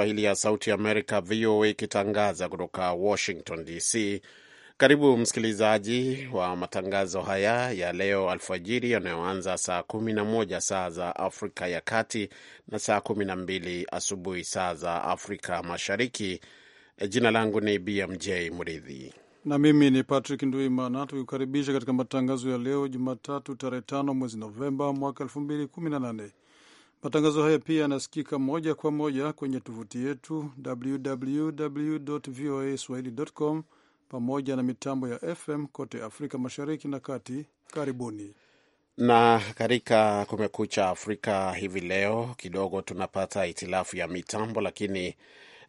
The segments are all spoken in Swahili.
Kiswahili ya Sauti Amerika, VOA, ikitangaza kutoka Washington DC. Karibu msikilizaji wa matangazo haya ya leo alfajiri yanayoanza saa 11 saa za Afrika ya Kati na saa 12 asubuhi saa za Afrika Mashariki. E, jina langu ni BMJ Mridhi na mimi ni Patrick Nduimana, tukikukaribisha katika matangazo ya leo Jumatatu tarehe 5 mwezi Novemba mwaka 218 Matangazo haya pia yanasikika moja kwa moja kwenye tovuti yetu www voa pamoja na mitambo ya FM kote Afrika Mashariki na Kati. Karibuni na katika Kumekucha Afrika hivi leo, kidogo tunapata hitilafu ya mitambo, lakini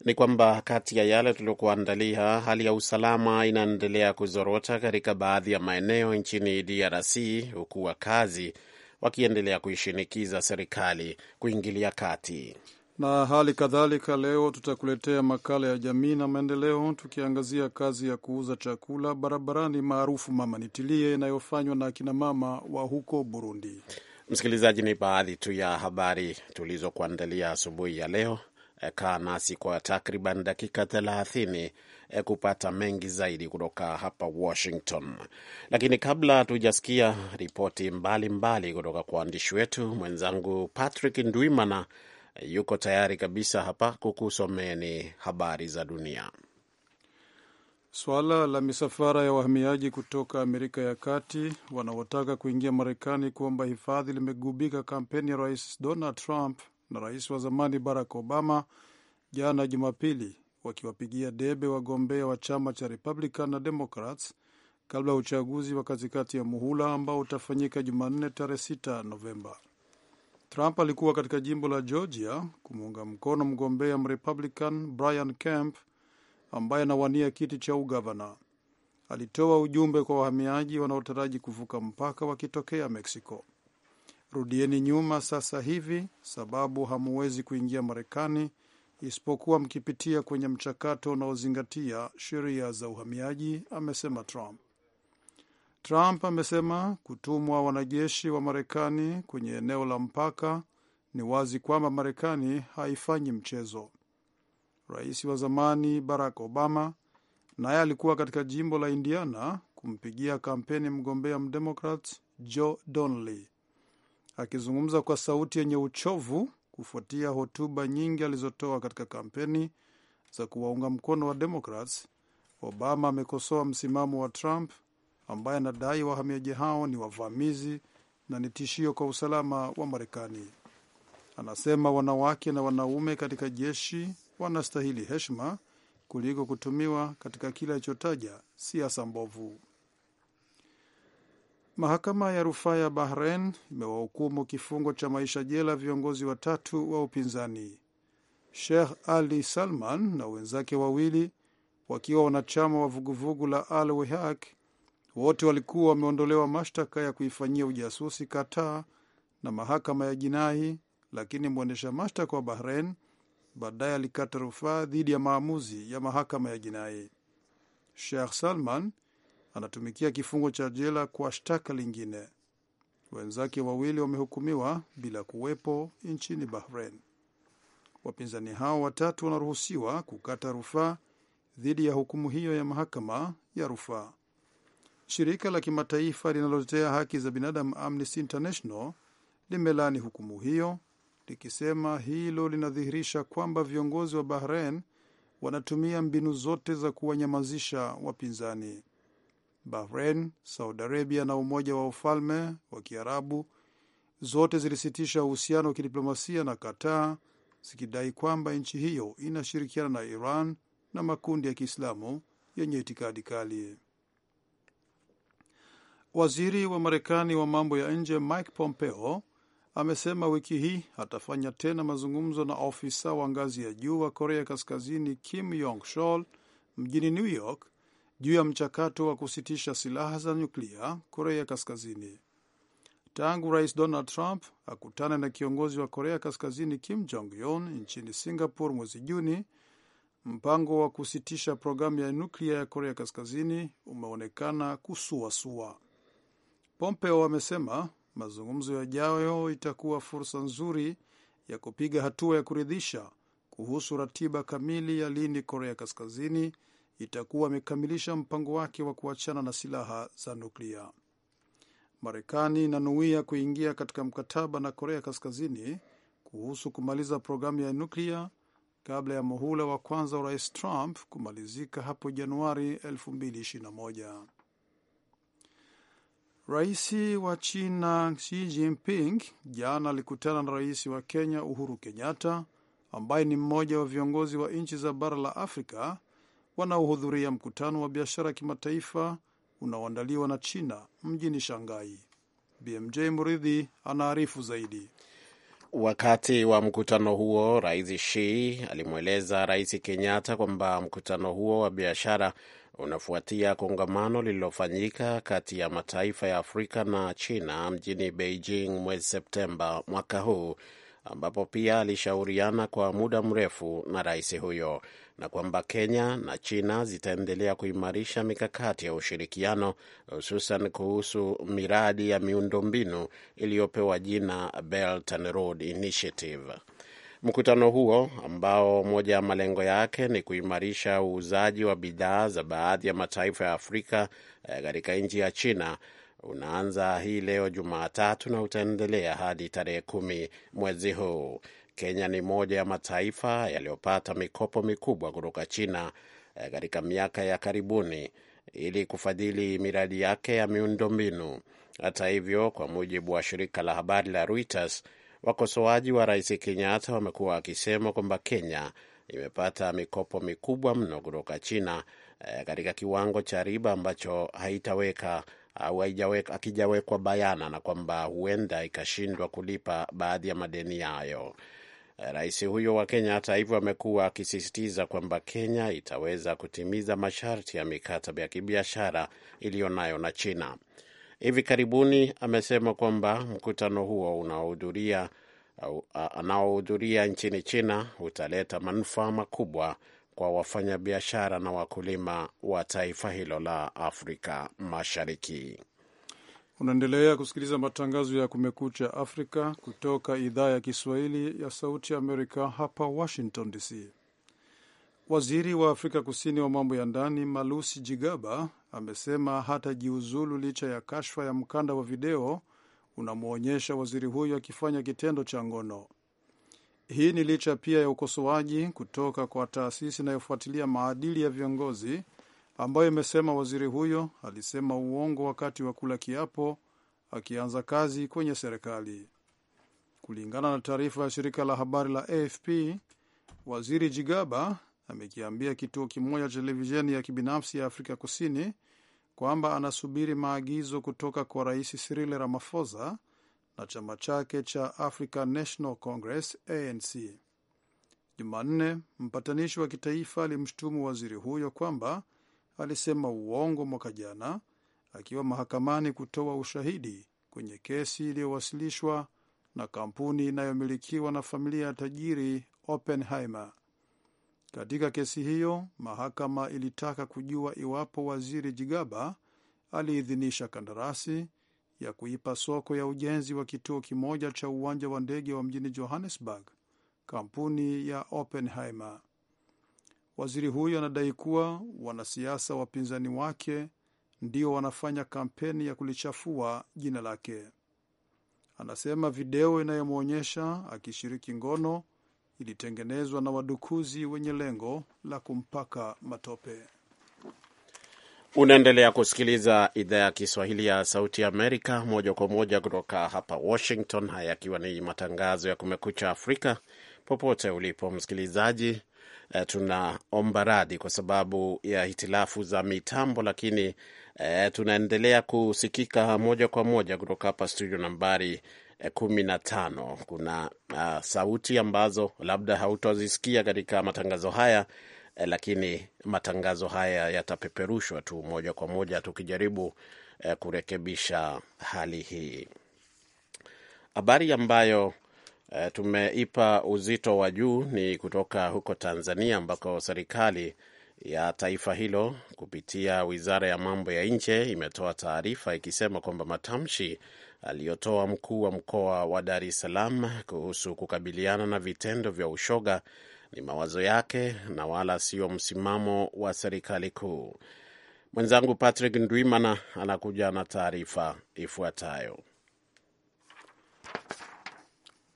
ni kwamba kati ya yale tuliokuandalia, hali ya usalama inaendelea kuzorota katika baadhi ya maeneo nchini DRC, huku wakazi wakiendelea kuishinikiza serikali kuingilia kati. Na hali kadhalika, leo tutakuletea makala ya jamii na maendeleo, tukiangazia kazi ya kuuza chakula barabarani maarufu mama nitilie, inayofanywa na akinamama wa huko Burundi. Msikilizaji, ni baadhi tu ya habari tulizokuandalia asubuhi ya leo. Kaa nasi kwa takriban dakika 30 e, kupata mengi zaidi kutoka hapa Washington. Lakini kabla hatujasikia ripoti mbalimbali kutoka kwa waandishi wetu, mwenzangu Patrick Ndwimana e, yuko tayari kabisa hapa kukusomeni habari za dunia. swala la misafara ya wahamiaji kutoka Amerika ya Kati wanaotaka kuingia Marekani kuomba hifadhi limegubika kampeni ya Rais Donald Trump na rais wa zamani Barack Obama jana Jumapili, wakiwapigia debe wagombea wa chama cha Republican na Democrats kabla ya uchaguzi wa katikati ya muhula ambao utafanyika Jumanne tarehe 6 Novemba. Trump alikuwa katika jimbo la Georgia kumuunga mkono mgombea Mrepublican Brian Kemp ambaye anawania kiti cha ugavana. Alitoa ujumbe kwa wahamiaji wanaotaraji kuvuka mpaka wakitokea Mexico rudieni nyuma sasa hivi, sababu hamuwezi kuingia Marekani isipokuwa mkipitia kwenye mchakato unaozingatia sheria za uhamiaji, amesema Trump. Trump amesema kutumwa wanajeshi wa Marekani kwenye eneo la mpaka ni wazi kwamba Marekani haifanyi mchezo. Rais wa zamani Barack Obama naye alikuwa katika jimbo la Indiana kumpigia kampeni mgombea mdemokrat Joe Donnelly. Akizungumza kwa sauti yenye uchovu kufuatia hotuba nyingi alizotoa katika kampeni za kuwaunga mkono wa Democrats, Obama amekosoa msimamo wa Trump ambaye anadai wahamiaji hao ni wavamizi na ni tishio kwa usalama wa Marekani. Anasema wanawake na wanaume katika jeshi wanastahili heshima kuliko kutumiwa katika kile alichotaja siasa mbovu. Mahakama ya rufaa ya Bahrain imewahukumu kifungo cha maisha jela viongozi watatu wa upinzani. Sheikh Ali Salman na wenzake wawili wakiwa wanachama wa vuguvugu la Al Wehak, wote walikuwa wameondolewa mashtaka ya kuifanyia ujasusi Qatar na mahakama ya jinai, lakini mwendesha mashtaka wa Bahrain baadaye alikata rufaa dhidi ya maamuzi ya mahakama ya jinai. Sheikh Salman anatumikia kifungo cha jela kwa shtaka lingine. Wenzake wawili wamehukumiwa bila kuwepo nchini Bahrain. Wapinzani hao watatu wanaruhusiwa kukata rufaa dhidi ya hukumu hiyo ya mahakama ya rufaa. Shirika la kimataifa linalotetea haki za binadamu Amnesty International limelani hukumu hiyo likisema hilo linadhihirisha kwamba viongozi wa Bahrain wanatumia mbinu zote za kuwanyamazisha wapinzani. Bahrain, Saudi Arabia na Umoja wa Ufalme wa Kiarabu zote zilisitisha uhusiano wa kidiplomasia na Qatar zikidai kwamba nchi hiyo inashirikiana na Iran na makundi ya Kiislamu yenye itikadi kali. Waziri wa Marekani wa mambo ya nje Mike Pompeo amesema wiki hii atafanya tena mazungumzo na ofisa wa ngazi ya juu wa Korea Kaskazini Kim Yong Shol mjini New York juu ya mchakato wa kusitisha silaha za nyuklia Korea Kaskazini. Tangu Rais Donald Trump akutana na kiongozi wa Korea Kaskazini Kim Jong Un nchini Singapore mwezi Juni, mpango wa kusitisha programu ya nuklia ya Korea Kaskazini umeonekana kusuasua. Pompeo amesema mazungumzo yajayo itakuwa fursa nzuri ya kupiga hatua ya kuridhisha kuhusu ratiba kamili ya lini Korea Kaskazini itakuwa imekamilisha mpango wake wa kuachana na silaha za nuklia. Marekani inanuia kuingia katika mkataba na Korea Kaskazini kuhusu kumaliza programu ya nuklia kabla ya muhula wa kwanza wa Rais Trump kumalizika hapo Januari 2021. Rais wa China Xi Jinping jana alikutana na rais wa Kenya Uhuru Kenyatta ambaye ni mmoja wa viongozi wa nchi za bara la Afrika wanaohudhuria mkutano wa biashara kimataifa unaoandaliwa na China mjini Shanghai. BMJ Muridhi anaarifu zaidi. Wakati wa mkutano huo, Rais Xi alimweleza Rais Kenyatta kwamba mkutano huo wa biashara unafuatia kongamano lililofanyika kati ya mataifa ya Afrika na China mjini Beijing mwezi Septemba mwaka huu ambapo pia alishauriana kwa muda mrefu na rais huyo na kwamba Kenya na China zitaendelea kuimarisha mikakati ya ushirikiano hususan kuhusu miradi ya miundombinu iliyopewa jina Belt and Road Initiative. Mkutano huo ambao moja ya malengo yake ni kuimarisha uuzaji wa bidhaa za baadhi ya mataifa ya Afrika eh, katika nchi ya China unaanza hii leo Jumatatu na utaendelea hadi tarehe kumi mwezi huu. Kenya ni moja ya mataifa yaliyopata mikopo mikubwa kutoka China eh, katika miaka ya karibuni ili kufadhili miradi yake ya miundombinu. Hata hivyo, kwa mujibu wa shirika la habari la Reuters, wakosoaji wa rais Kenyatta wamekuwa wakisema kwamba Kenya imepata mikopo mikubwa mno kutoka China eh, katika kiwango cha riba ambacho haitaweka au hakijawekwa bayana na kwamba huenda ikashindwa kulipa baadhi ya madeni yayo. Rais huyo wa Kenya, hata hivyo, amekuwa akisisitiza kwamba Kenya itaweza kutimiza masharti ya mikataba ya kibiashara iliyo nayo na China. Hivi karibuni amesema kwamba mkutano huo unaohudhuria anaohudhuria nchini China utaleta manufaa makubwa kwa wafanyabiashara na wakulima wa taifa hilo la Afrika Mashariki. Unaendelea kusikiliza matangazo ya Kumekucha Afrika kutoka idhaa ya Kiswahili ya Sauti Amerika, hapa Washington DC. Waziri wa Afrika Kusini wa mambo ya ndani Malusi Jigaba amesema hatajiuzulu licha ya kashfa ya mkanda wa video unamwonyesha waziri huyo akifanya kitendo cha ngono. Hii ni licha pia ya ukosoaji kutoka kwa taasisi inayofuatilia maadili ya viongozi ambayo imesema waziri huyo alisema uongo wakati wa kula kiapo akianza kazi kwenye serikali. Kulingana na taarifa ya shirika la habari la AFP, waziri Jigaba amekiambia kituo kimoja cha televisheni ya kibinafsi ya Afrika Kusini kwamba anasubiri maagizo kutoka kwa Rais Cyril Ramaphosa na chama chake cha African National Congress ANC. Jumanne, mpatanishi wa kitaifa alimshutumu waziri huyo kwamba alisema uongo mwaka jana akiwa mahakamani kutoa ushahidi kwenye kesi iliyowasilishwa na kampuni inayomilikiwa na familia ya tajiri Oppenheimer. Katika kesi hiyo, mahakama ilitaka kujua iwapo Waziri Jigaba aliidhinisha kandarasi ya kuipa soko ya ujenzi wa kituo kimoja cha uwanja wa ndege wa mjini Johannesburg kampuni ya Oppenheimer. Waziri huyo anadai kuwa wanasiasa wapinzani wake ndio wanafanya kampeni ya kulichafua jina lake. Anasema video inayomwonyesha akishiriki ngono ilitengenezwa na wadukuzi wenye lengo la kumpaka matope. Unaendelea kusikiliza idhaa ya Kiswahili ya Sauti ya Amerika moja kwa moja kutoka hapa Washington, haya yakiwa ni matangazo ya Kumekucha Afrika. Popote ulipo msikilizaji, eh, tunaomba radhi kwa sababu ya hitilafu za mitambo, lakini eh, tunaendelea kusikika moja kwa moja kutoka hapa studio nambari eh, kumi na tano. Kuna uh, sauti ambazo labda hautazisikia katika matangazo haya eh, lakini matangazo haya yatapeperushwa tu moja kwa moja tukijaribu eh, kurekebisha hali hii. Habari ambayo uh, tumeipa uzito wa juu ni kutoka huko Tanzania ambako serikali ya taifa hilo kupitia wizara ya mambo ya nje imetoa taarifa ikisema kwamba matamshi aliyotoa mkuu wa mkoa wa Dar es Salaam kuhusu kukabiliana na vitendo vya ushoga ni mawazo yake na wala sio msimamo wa serikali kuu. Mwenzangu Patrick Ndwimana anakuja na taarifa ifuatayo.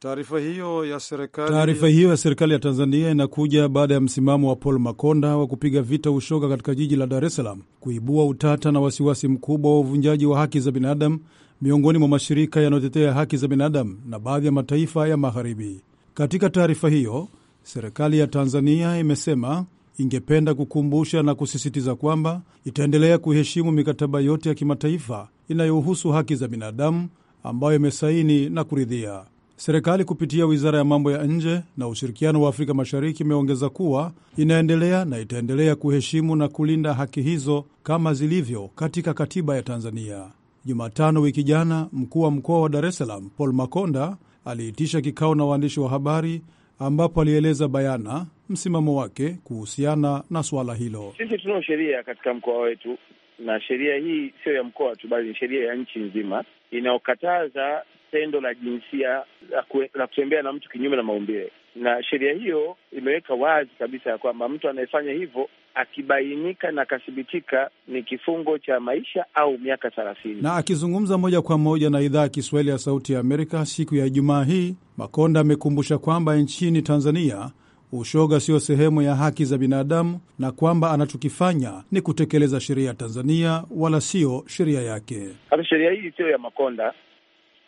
Taarifa hiyo ya serikali taarifa hiyo ya serikali ya Tanzania inakuja baada ya msimamo wa Paul Makonda wa kupiga vita ushoga katika jiji la Dar es Salaam kuibua utata na wasiwasi mkubwa wa uvunjaji wa haki za binadamu miongoni mwa mashirika yanayotetea haki za binadamu na baadhi ya mataifa ya Magharibi. Katika taarifa hiyo, serikali ya Tanzania imesema ingependa kukumbusha na kusisitiza kwamba itaendelea kuheshimu mikataba yote ya kimataifa inayohusu haki za binadamu ambayo imesaini na kuridhia. Serikali kupitia wizara ya mambo ya nje na ushirikiano wa Afrika Mashariki imeongeza kuwa inaendelea na itaendelea kuheshimu na kulinda haki hizo kama zilivyo katika katiba ya Tanzania. Jumatano wiki jana, mkuu wa mkoa wa Dar es Salaam Paul Makonda aliitisha kikao na waandishi wa habari ambapo alieleza bayana msimamo wake kuhusiana na suala hilo. Sisi tunao sheria katika mkoa wetu, na sheria hii sio ya mkoa tu, bali ni sheria ya nchi nzima inayokataza tendo la jinsia la kutembea na mtu kinyume na maumbile, na sheria hiyo imeweka wazi kabisa ya kwamba mtu anayefanya hivyo akibainika na akathibitika ni kifungo cha maisha au miaka thelathini. Na akizungumza moja kwa moja na idhaa ya Kiswahili ya Sauti ya Amerika siku ya Ijumaa hii, Makonda amekumbusha kwamba nchini Tanzania ushoga sio sehemu ya haki za binadamu na kwamba anachokifanya ni kutekeleza sheria ya Tanzania wala sio sheria yake. Hata sheria hii siyo ya Makonda,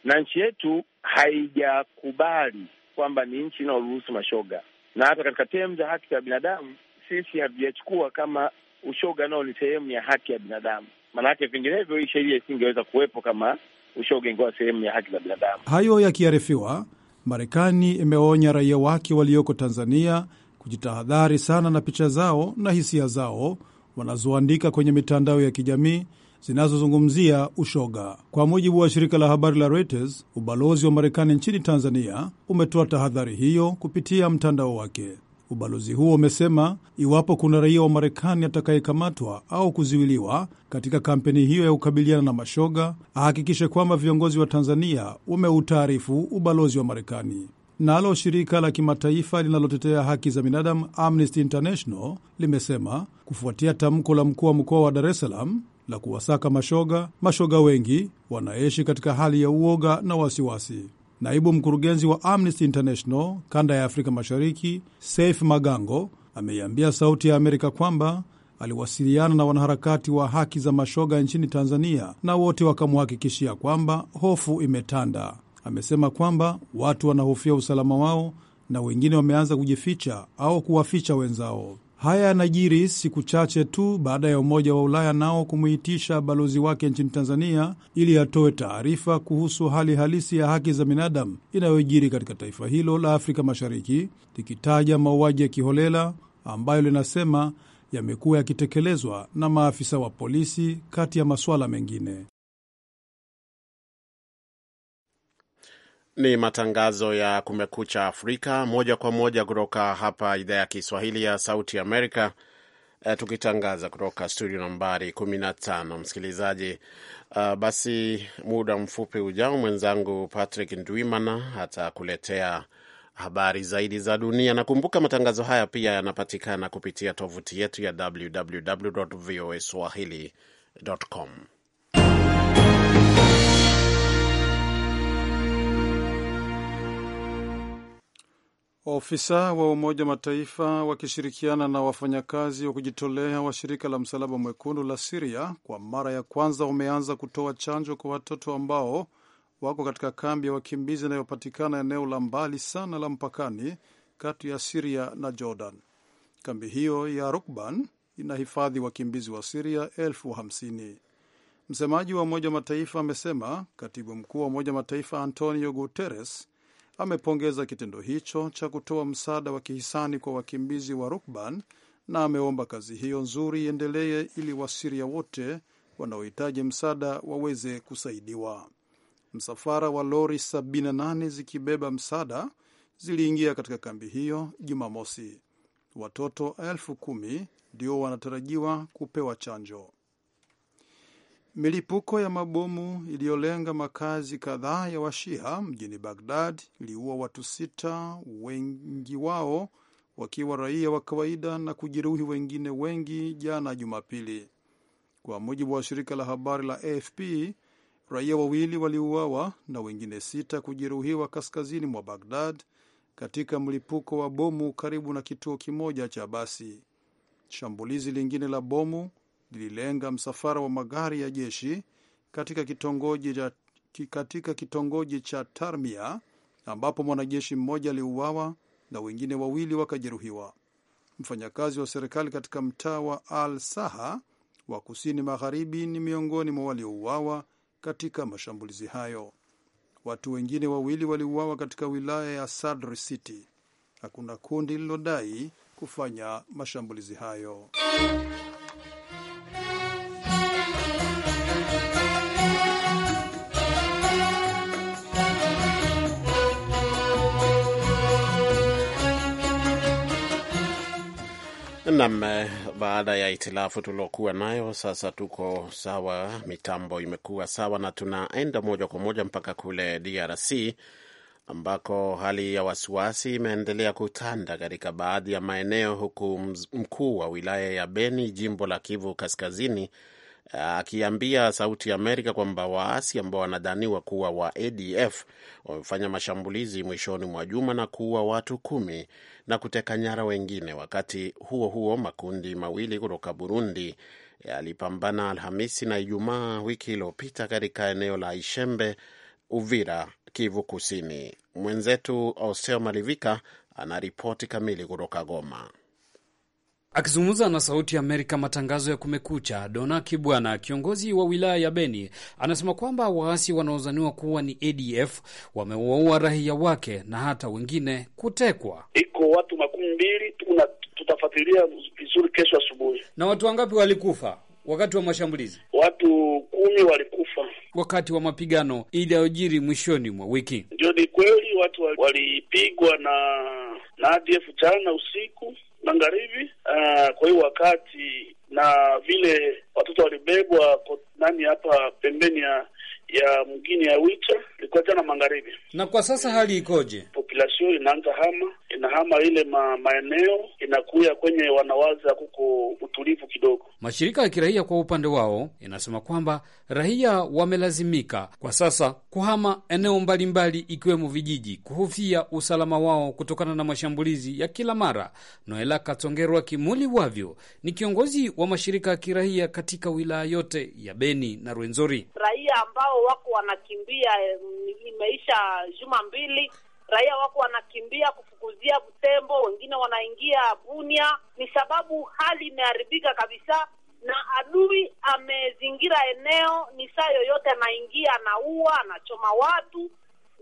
na nchi yetu haijakubali kwamba ni nchi inayoruhusu mashoga, na hata katika sehemu za haki za binadamu sisi hatujachukua kama ushoga nao ni sehemu ya haki ya binadamu. Maanake vinginevyo hii sheria isingeweza kuwepo kama ushoga ingewa sehemu ya haki za binadamu. Hayo yakiarifiwa, Marekani imeonya raia wake walioko Tanzania kujitahadhari sana na picha zao na hisia zao wanazoandika kwenye mitandao ya kijamii zinazozungumzia ushoga. Kwa mujibu wa shirika la habari la Reuters, ubalozi wa Marekani nchini Tanzania umetoa tahadhari hiyo kupitia mtandao wake. Ubalozi huo umesema iwapo kuna raia wa Marekani atakayekamatwa au kuziwiliwa katika kampeni hiyo ya kukabiliana na mashoga, ahakikishe kwamba viongozi wa Tanzania wameutaarifu ubalozi wa Marekani. Nalo shirika la kimataifa linalotetea haki za binadamu Amnesty International limesema kufuatia tamko la mkuu wa mkoa wa Dar es Salaam la kuwasaka mashoga. Mashoga wengi wanaishi katika hali ya uoga na wasiwasi. Naibu mkurugenzi wa Amnesty International kanda ya Afrika Mashariki, Saif Magango, ameiambia Sauti ya Amerika kwamba aliwasiliana na wanaharakati wa haki za mashoga nchini Tanzania na wote wakamhakikishia kwamba hofu imetanda. Amesema kwamba watu wanahofia usalama wao na wengine wameanza kujificha au kuwaficha wenzao. Haya yanajiri siku chache tu baada ya Umoja wa Ulaya nao kumwitisha balozi wake nchini Tanzania ili atoe taarifa kuhusu hali halisi ya haki za binadamu inayojiri katika taifa hilo la Afrika Mashariki, likitaja mauaji ya kiholela ambayo linasema yamekuwa yakitekelezwa na maafisa wa polisi, kati ya masuala mengine. Ni matangazo ya Kumekucha Afrika moja kwa moja kutoka hapa idhaa ya Kiswahili ya Sauti Amerika, eh, tukitangaza kutoka studio nambari 15. Msikilizaji, uh, basi muda mfupi ujao mwenzangu Patrick Ndwimana atakuletea habari zaidi za dunia. Nakumbuka matangazo haya pia yanapatikana kupitia tovuti yetu ya www voa swahili com. Waofisa wa Umoja Mataifa wakishirikiana na wafanyakazi wa kujitolea wa shirika la Msalaba Mwekundu la Siria kwa mara ya kwanza wameanza kutoa chanjo kwa watoto ambao wako katika kambi ya wakimbizi inayopatikana eneo la mbali sana la mpakani kati ya Siria na Jordan. Kambi hiyo ya Rukban inahifadhi wakimbizi wa Siria elfu hamsini. Msemaji wa Umoja Mataifa amesema katibu mkuu wa Umoja Mataifa Antonio Guterres amepongeza kitendo hicho cha kutoa msaada wa kihisani kwa wakimbizi wa Rukban na ameomba kazi hiyo nzuri iendelee ili Wasiria wote wanaohitaji msaada waweze kusaidiwa. Msafara wa lori 78 zikibeba msaada ziliingia katika kambi hiyo Jumamosi. Watoto elfu kumi ndio wanatarajiwa kupewa chanjo. Milipuko ya mabomu iliyolenga makazi kadhaa ya washiha mjini Bagdad iliua watu sita, wengi wao wakiwa raia wa kawaida na kujeruhi wengine wengi jana Jumapili, kwa mujibu wa shirika la habari la AFP. Raia wawili waliuawa na wengine sita kujeruhiwa kaskazini mwa Bagdad katika mlipuko wa bomu karibu na kituo kimoja cha basi. Shambulizi lingine la bomu lililenga msafara wa magari ya jeshi katika kitongoji cha, katika kitongoji cha Tarmia ambapo mwanajeshi mmoja aliuawa na wengine wawili wakajeruhiwa. Mfanyakazi wa serikali katika mtaa wa Al Saha wa kusini magharibi ni miongoni mwa waliouawa katika mashambulizi hayo. Watu wengine wawili waliuawa katika wilaya ya Sadr City. Hakuna kundi lililodai kufanya mashambulizi hayo. Nam, baada ya itilafu tuliokuwa nayo, sasa tuko sawa, mitambo imekuwa sawa, na tunaenda moja kwa moja mpaka kule DRC ambako hali ya wasiwasi imeendelea kutanda katika baadhi ya maeneo, huku mkuu wa wilaya ya Beni, jimbo la Kivu Kaskazini, akiambia Sauti ya Amerika kwamba waasi ambao wanadhaniwa kuwa wa ADF wamefanya mashambulizi mwishoni mwa juma na kuua watu kumi na kuteka nyara wengine. Wakati huo huo, makundi mawili kutoka Burundi yalipambana Alhamisi na Ijumaa wiki iliyopita katika eneo la Ishembe, Uvira, Kivu Kusini. Mwenzetu Oseo Malivika anaripoti kamili kutoka Goma. Akizungumza na Sauti ya Amerika matangazo ya Kumekucha, Dona Kibwana, kiongozi wa wilaya ya Beni, anasema kwamba waasi wanaozaniwa kuwa ni ADF wamewaua raia wake na hata wengine kutekwa. Iko watu makumi mbili, tutafuatilia vizuri kesho asubuhi. Na watu wangapi walikufa wakati wa mashambulizi? Watu kumi walikufa wakati wa mapigano iliyojiri mwishoni mwa wiki. Ndio, ni kweli watu walipigwa na na ADF jana usiku magharibi. Uh, kwa hiyo wakati na vile watoto walibebwa nani hapa pembeni ya ya mgini ya Wicha ilikuwa jana magharibi. Na kwa sasa hali ikoje? Population inaanza hama, inahama ile ma, maeneo inakuya kwenye wanawaza kuko utulivu kidogo. Mashirika ya kiraia kwa upande wao inasema kwamba raia wamelazimika kwa sasa kuhama eneo mbalimbali, ikiwemo vijiji, kuhofia usalama wao kutokana na mashambulizi ya kila mara. Noela Katongerwa Kimuli wavyo ni kiongozi wa mashirika ya kiraia katika wilaya yote ya Beni na Rwenzori. Raia ambao wako wanakimbia, eh, imeisha juma mbili, raia wako wanakimbia kufukuzia Butembo, wengine wanaingia Bunia, ni sababu hali imeharibika kabisa na adui amezingira eneo, ni saa yoyote anaingia, anaua, anachoma watu,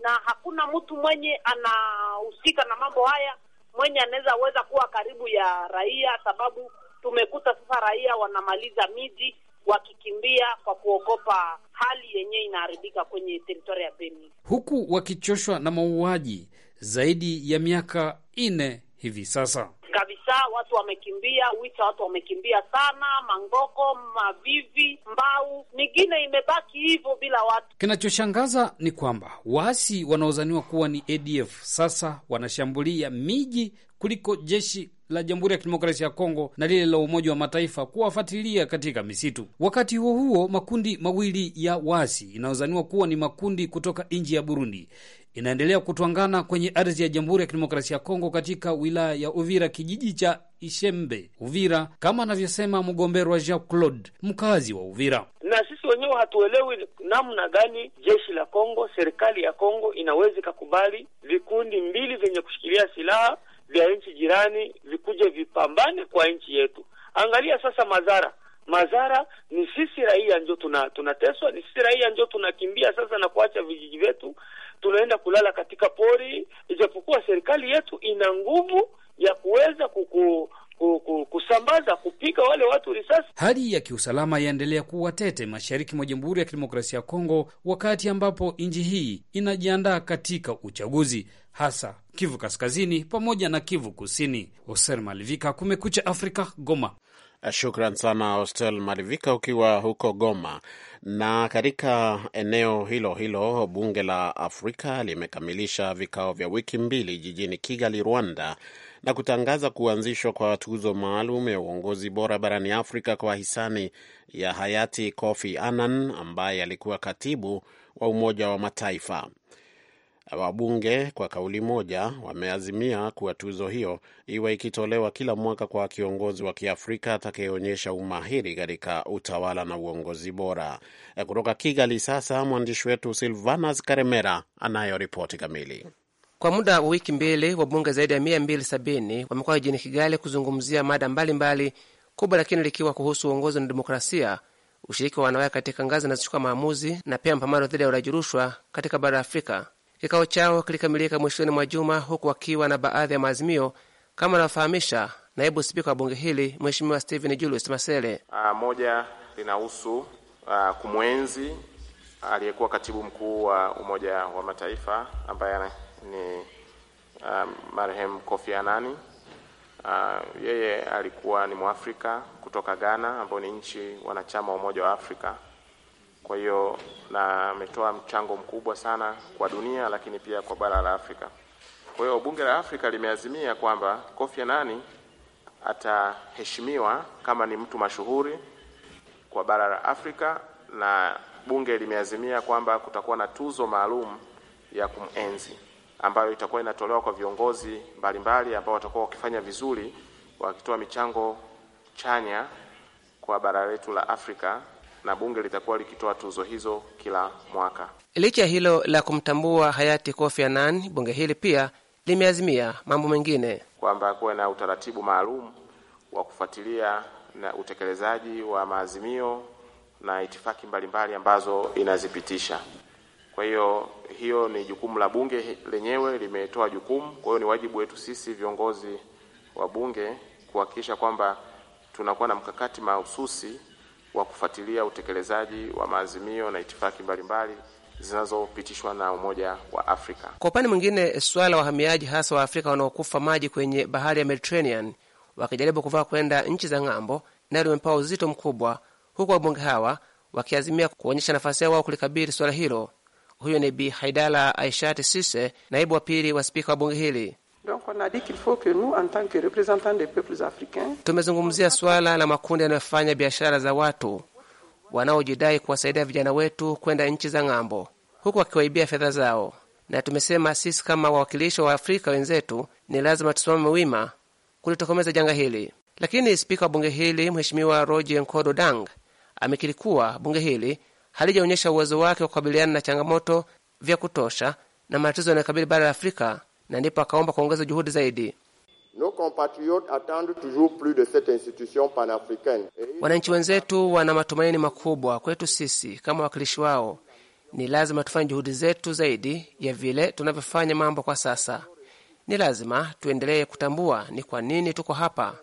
na hakuna mtu mwenye anahusika na mambo haya mwenye anaweza weza kuwa karibu ya raia, sababu tumekuta sasa raia wanamaliza miji wakikimbia kwa kuogopa hali yenyewe inaharibika kwenye teritoria ya Beni, huku wakichoshwa na mauaji zaidi ya miaka nne hivi sasa kabisa. Watu wamekimbia Wicha, watu wamekimbia sana Mangoko, Mavivi, Mbau, mingine imebaki hivyo bila watu. Kinachoshangaza ni kwamba waasi wanaozaniwa kuwa ni ADF sasa wanashambulia miji kuliko jeshi la Jamhuri ya Kidemokrasia ya Kongo na lile la Umoja wa Mataifa kuwafuatilia katika misitu. Wakati huo huo, makundi mawili ya waasi inayozaniwa kuwa ni makundi kutoka nchi ya Burundi inaendelea kutwangana kwenye ardhi ya Jamhuri ya Kidemokrasia ya Kongo katika wilaya ya Uvira, kijiji cha Ishembe Uvira, kama anavyosema mgombero wa Jean Claude, mkazi wa Uvira. Na sisi wenyewe hatuelewi namna gani jeshi la Kongo, serikali ya Kongo inaweza ikakubali vikundi mbili vyenye kushikilia silaha vya nchi jirani vikuje vipambane kwa nchi yetu. Angalia sasa madhara madhara ni sisi raia ndio tuna tunateswa, ni sisi raia ndio tunakimbia sasa na kuacha vijiji vyetu, tunaenda kulala katika pori, ijapokuwa serikali yetu ina nguvu ya kuweza kuku, kuku, kusambaza kupiga wale watu risasi. Hali ya kiusalama yaendelea kuwa tete mashariki mwa Jamhuri ya Kidemokrasia ya Kongo, wakati ambapo nchi hii inajiandaa katika uchaguzi hasa Kivu Kaskazini pamoja na Kivu Kusini. Hoser Malivika, Kumekucha Afrika, Goma. Eh, shukran sana Hostel Malivika ukiwa huko Goma. Na katika eneo hilo hilo, bunge la Afrika limekamilisha vikao vya wiki mbili jijini Kigali, Rwanda, na kutangaza kuanzishwa kwa tuzo maalum ya uongozi bora barani Afrika kwa hisani ya hayati Kofi Annan ambaye alikuwa katibu wa Umoja wa Mataifa. Wabunge kwa kauli moja wameazimia kuwa tuzo hiyo iwe ikitolewa kila mwaka kwa kiongozi wa Kiafrika atakayeonyesha umahiri katika utawala na uongozi bora. E, kutoka Kigali sasa mwandishi wetu Silvanas Karemera anayo ripoti kamili. Kwa muda wa wiki mbili, wabunge zaidi ya mia mbili sabini wamekuwa jijini Kigali kuzungumzia mada mbalimbali, kubwa lakini likiwa kuhusu uongozi na demokrasia, ushiriki wa wanawake katika ngazi zinazochukua maamuzi, na pia mpambano dhidi ya ulaji rushwa katika bara la Afrika. Kikao chao kilikamilika mwishoni mwa juma huku wakiwa na baadhi ya maazimio kama anavyofahamisha naibu spika wa bunge hili Mheshimiwa Stephen Julius Masele. Uh, moja linahusu uh, kumwenzi ah, aliyekuwa katibu mkuu wa Umoja wa Mataifa ambaye ni uh, marehemu Kofi Anani. Uh, yeye alikuwa ni Mwafrika kutoka Ghana ambayo ni nchi wanachama wa Umoja wa Afrika kwa hiyo na ametoa mchango mkubwa sana kwa dunia, lakini pia kwa bara la Afrika. Kwa hiyo bunge la Afrika limeazimia kwamba Kofi Annan ataheshimiwa kama ni mtu mashuhuri kwa bara la Afrika, na bunge limeazimia kwamba kutakuwa na tuzo maalum ya kumenzi ambayo itakuwa inatolewa kwa viongozi mbalimbali ambao watakuwa wakifanya vizuri, wakitoa michango chanya kwa bara letu la Afrika na bunge litakuwa likitoa tuzo hizo kila mwaka. Licha ya hilo la kumtambua hayati Kofi Annan, bunge hili pia limeazimia mambo mengine, kwamba kuwe na utaratibu maalum wa kufuatilia na utekelezaji wa maazimio na itifaki mbalimbali ambazo inazipitisha. Kwa hiyo hiyo ni jukumu la bunge lenyewe, limetoa jukumu. Kwa hiyo ni wajibu wetu sisi viongozi wa bunge kuhakikisha kwamba tunakuwa na mkakati mahususi wa kufuatilia utekelezaji wa maazimio na itifaki mbalimbali zinazopitishwa na Umoja wa Afrika. Kwa upande mwingine, suala la wahamiaji hasa wa afrika wanaokufa maji kwenye bahari ya Mediterranean wakijaribu kuvaa kwenda nchi za ng'ambo, nayo limepewa uzito mkubwa, huku wabunge hawa wakiazimia kuonyesha nafasi yao wao kulikabili suala hilo. Huyo ni Bi Haidala Aishati Sise, naibu wa pili wa spika wa bunge hili. Tumezungumzia swala la makundi yanayofanya biashara za watu wanaojidai kuwasaidia vijana wetu kwenda nchi za ng'ambo, huku wakiwaibia fedha zao, na tumesema sisi kama wawakilishi wa Afrika wenzetu ni lazima tusimame wima kulitokomeza janga hili. Lakini spika wa bunge hili Mheshimiwa Roje Nkodo Dang amekiri kuwa bunge hili halijaonyesha uwezo wake wa kukabiliana na changamoto vya kutosha na matatizo yanayokabili bara la Afrika na ndipo akaomba kuongeza juhudi zaidi. Wananchi wenzetu wana matumaini makubwa kwetu sisi kama wawakilishi wao. Ni lazima tufanye juhudi zetu zaidi ya vile tunavyofanya mambo kwa sasa. Ni lazima tuendelee kutambua ni kwa nini tuko hapa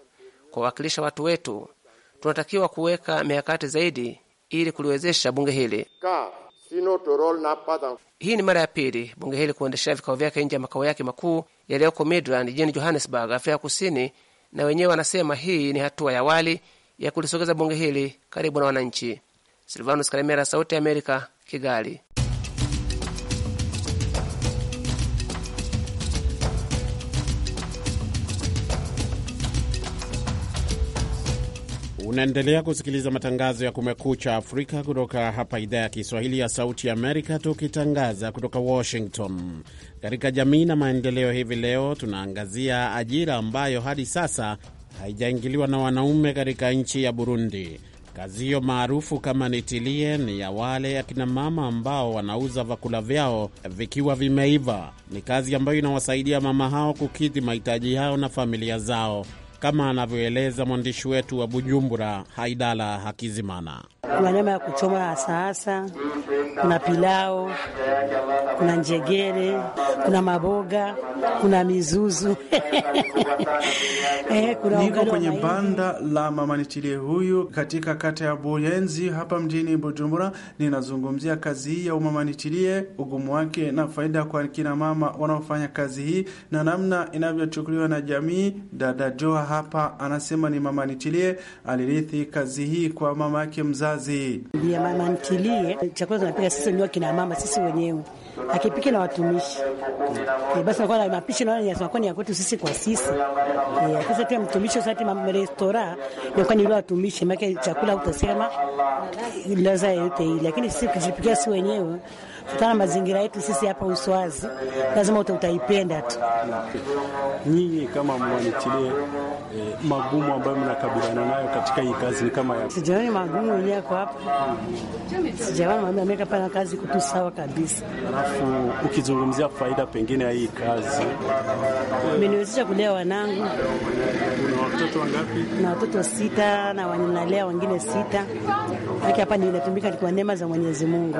kuwawakilisha watu wetu. Tunatakiwa kuweka mikakati zaidi ili kuliwezesha bunge hili hii ni mara ya pili bunge hili kuendesha vikao vyake nje ya makao yake makuu yaliyoko Midrand jijini Johannesburg, Afrika Kusini, na wenyewe wanasema hii ni hatua ya awali ya kulisogeza bunge hili karibu na wananchi. Silvanus Kalemera, Sauti ya Amerika, Kigali. Unaendelea kusikiliza matangazo ya Kumekucha Afrika kutoka hapa idhaa ya Kiswahili ya Sauti Amerika, tukitangaza kutoka Washington. Katika jamii na maendeleo, hivi leo tunaangazia ajira ambayo hadi sasa haijaingiliwa na wanaume katika nchi ya Burundi. Kazi hiyo maarufu kama nitilie ni ya wale akinamama ambao wanauza vyakula vyao vikiwa vimeiva. Ni kazi ambayo inawasaidia mama hao kukidhi mahitaji yao na familia zao kama anavyoeleza mwandishi wetu wa Bujumbura, Haidala Hakizimana. Kuna nyama ya kuchoma hasahasa kuna pilao, kuna njegere, kuna maboga, kuna mizuzu eh, kuna niko kwenye banda la mamanitilie huyu katika kata ya Buyenzi hapa mjini Bujumbura. Ninazungumzia kazi hii ya umama ugumu wake na faida kwa kina mama wanaofanya kazi hii na namna inavyochukuliwa na jamii. Dada Joa hapa anasema ni mama nitilie alirithi kazi hii kwa mama yake mzazi. Ya mama nitilie, chakula tunapika sisi wenyewe, kina mama sisi wenyewe, akipika na watumishi e, basi nakuwa na mapishi naona yanakuwa ni ya kwetu sisi kwa sisi e, sasa tena mtumishi sasa tena mrestora nakuwa ni watumishi, maana chakula utasema laza yote hii, lakini sisi kujipikia si wenyewe kutana mazingira yetu sisi hapa Uswazi, lazima utaipenda tu. Nyinyi kama mwanitilie eh, magumu ambayo mnakabiliana nayo katika hii kazi ni kama ya sijaoni magumu yenyewe yako hapa, sijaoni mambo ameka pana kazi kutu sawa kabisa. Alafu ukizungumzia faida pengine ya hii kazi, imeniwezesha kulea wanangu. Una watoto wangapi? Na watoto sita, na wanalea wengine sita. Hiki hapa ninatumika kwa neema za Mwenyezi Mungu.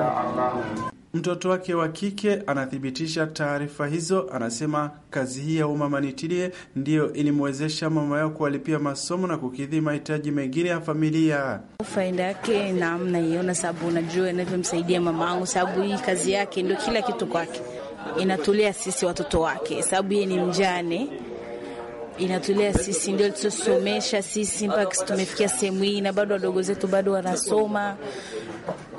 Mtoto wake wa kike anathibitisha taarifa hizo, anasema kazi hii ya umama nitilie ndiyo ilimwezesha mama yao kuwalipia masomo na kukidhi mahitaji mengine ya familia. Faida yake nam naiona, sababu unajua inavyomsaidia mama angu, sababu hii kazi yake ndio kila kitu kwake, inatulia sisi watoto wake, sababu yeye ni mjane inatulea sisi, ndio ilitusomesha sisi mpaka tumefikia sehemu hii, na bado wadogo zetu bado wanasoma.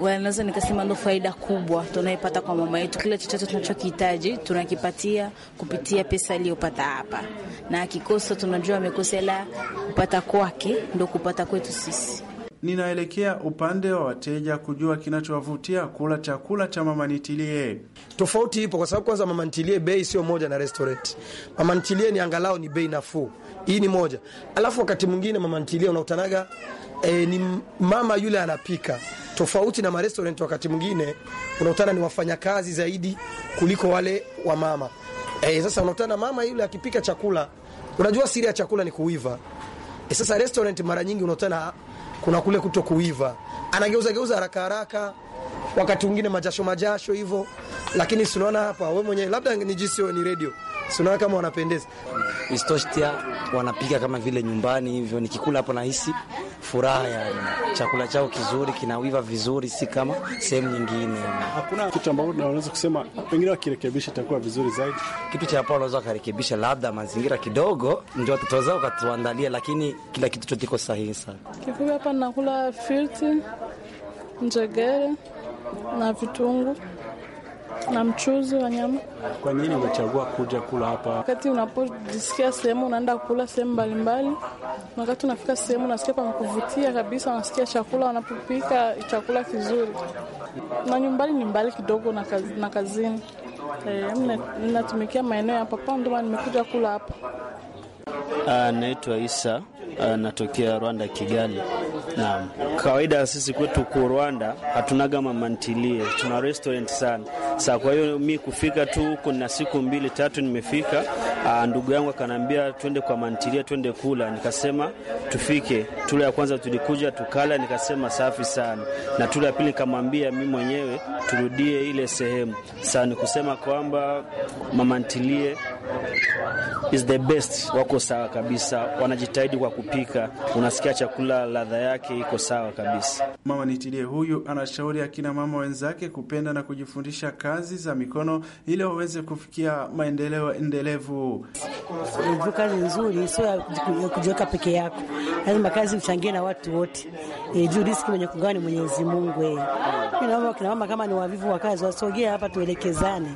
Wanaweza nikasema ndo faida kubwa tunayopata kwa mama yetu. Kila chochote tunachokihitaji tunakipatia kupitia pesa aliyopata hapa, na akikosa tunajua amekosa, ila kupata kwake ndo kupata kwetu sisi ninaelekea upande wa wateja kujua kinachowavutia kula chakula cha mama ntilie. Tofauti ipo kwa sababu kwanza, mama ntilie bei sio moja na restaurant. Mama ntilie ni angalau ni bei nafuu, hii ni moja. Alafu wakati mwingine mama ntilie unautanaga e, ni mama yule anapika tofauti na marestaurant. Wakati mwingine unakutana ni wafanyakazi zaidi kuliko wale wa mama e. Sasa unakutana mama yule akipika chakula, unajua siri ya chakula ni kuiva. E, sasa restaurant mara nyingi unautana kuna kule kuto kuiva, anageuza geuza haraka haraka, wakati mwingine majasho majasho hivyo, lakini sinaona hapa, we mwenyewe labda ni jinsi ni redio Sinaona kama wanapendeza. Istoshtia wanapika kama vile nyumbani hivyo, nikikula hapo nahisi furaha ya chakula chao kizuri, kinawiva vizuri, si kama sehemu nyingine. Hakuna kitu ambacho naweza kusema, pengine wakirekebisha itakuwa vizuri zaidi. Kitu cha hapo wanaweza wakarekebisha, labda mazingira kidogo, ndio watoto zao katuandalia, lakini kila kitu chote kiko sahihi sana. Kifupi hapa nakula filti, njegere na vitungu na mchuzi wa nyama. Kwa nini umechagua kuja kula hapa? Wakati unapojisikia sehemu unaenda kula sehemu mbalimbali, wakati unafika sehemu unasikia pamekuvutia kabisa, unasikia chakula wanapopika chakula kizuri, na nyumbani ni mbali kidogo na, kaz, na kazini e, maeneo ya papa, ndio maana nimekuja kula hapa. Ah, naitwa Isa anatokea eh, Rwanda, Kigali. Naam, kawaida sisi kwetu ku Rwanda hatunaga mamantilie, tuna restaurant sana saa. Kwa hiyo mi kufika tu, kuna siku mbili tatu nimefika, ah, ndugu yangu akanambia twende kwa mantilie, twende kula. Nikasema tufike, tule ya kwanza tulikuja tukala, nikasema safi sana, na tule ya pili nikamwambia mi mwenyewe turudie ile sehemu. Saa ni kusema kwamba mamantilie is the best, wako sawa kabisa, wanajitahidi kwa kupika, unasikia chakula ladha yake iko sawa kabisa. Mama nitilie huyu anashauri akina mama wenzake kupenda na kujifundisha kazi za mikono ili waweze kufikia maendeleo endelevu. kazi nzuri sio ya kujiweka peke yako, lazima kazi uchangie na watu wote. E, juu riski mwenye kugawa ni Mwenyezi Mungu. E. Naomba kina mama kama ni wavivu wa kazi wasogea hapa, tuelekezane.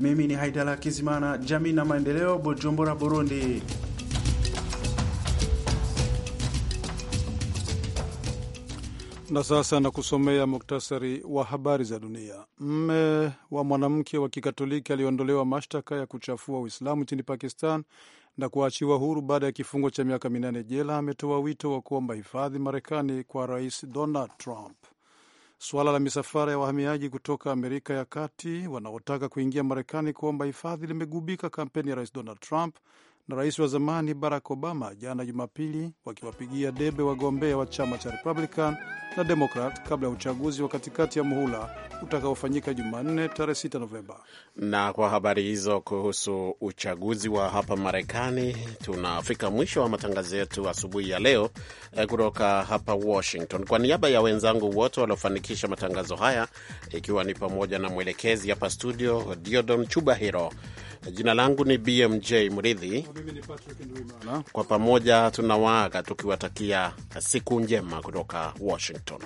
Mimi ni Haidala Kizimana, jamii na maendeleo, Bujumbura, Burundi. Na sasa na kusomea muktasari wa habari za dunia. Mme wa mwanamke wa Kikatoliki aliyeondolewa mashtaka ya kuchafua Uislamu nchini Pakistan na kuachiwa huru baada ya kifungo cha miaka minane jela ametoa wito wa kuomba hifadhi Marekani kwa Rais Donald Trump. Suala la misafara ya wahamiaji kutoka Amerika ya Kati wanaotaka kuingia Marekani kuomba hifadhi limegubika kampeni ya Rais Donald Trump na rais wa zamani Barack Obama jana Jumapili, wakiwapigia debe wagombea wa chama cha Republican na Demokrat kabla ya uchaguzi wa katikati ya muhula utakaofanyika Jumanne tarehe 6 Novemba. Na kwa habari hizo kuhusu uchaguzi wa hapa Marekani, tunafika mwisho wa matangazo yetu asubuhi ya leo eh, kutoka hapa Washington. Kwa niaba ya wenzangu wote waliofanikisha matangazo haya, ikiwa ni pamoja na mwelekezi hapa studio Diodon Chubahiro, Jina langu ni BMJ Mridhi. Kwa pamoja tunawaaga tukiwatakia siku njema kutoka Washington.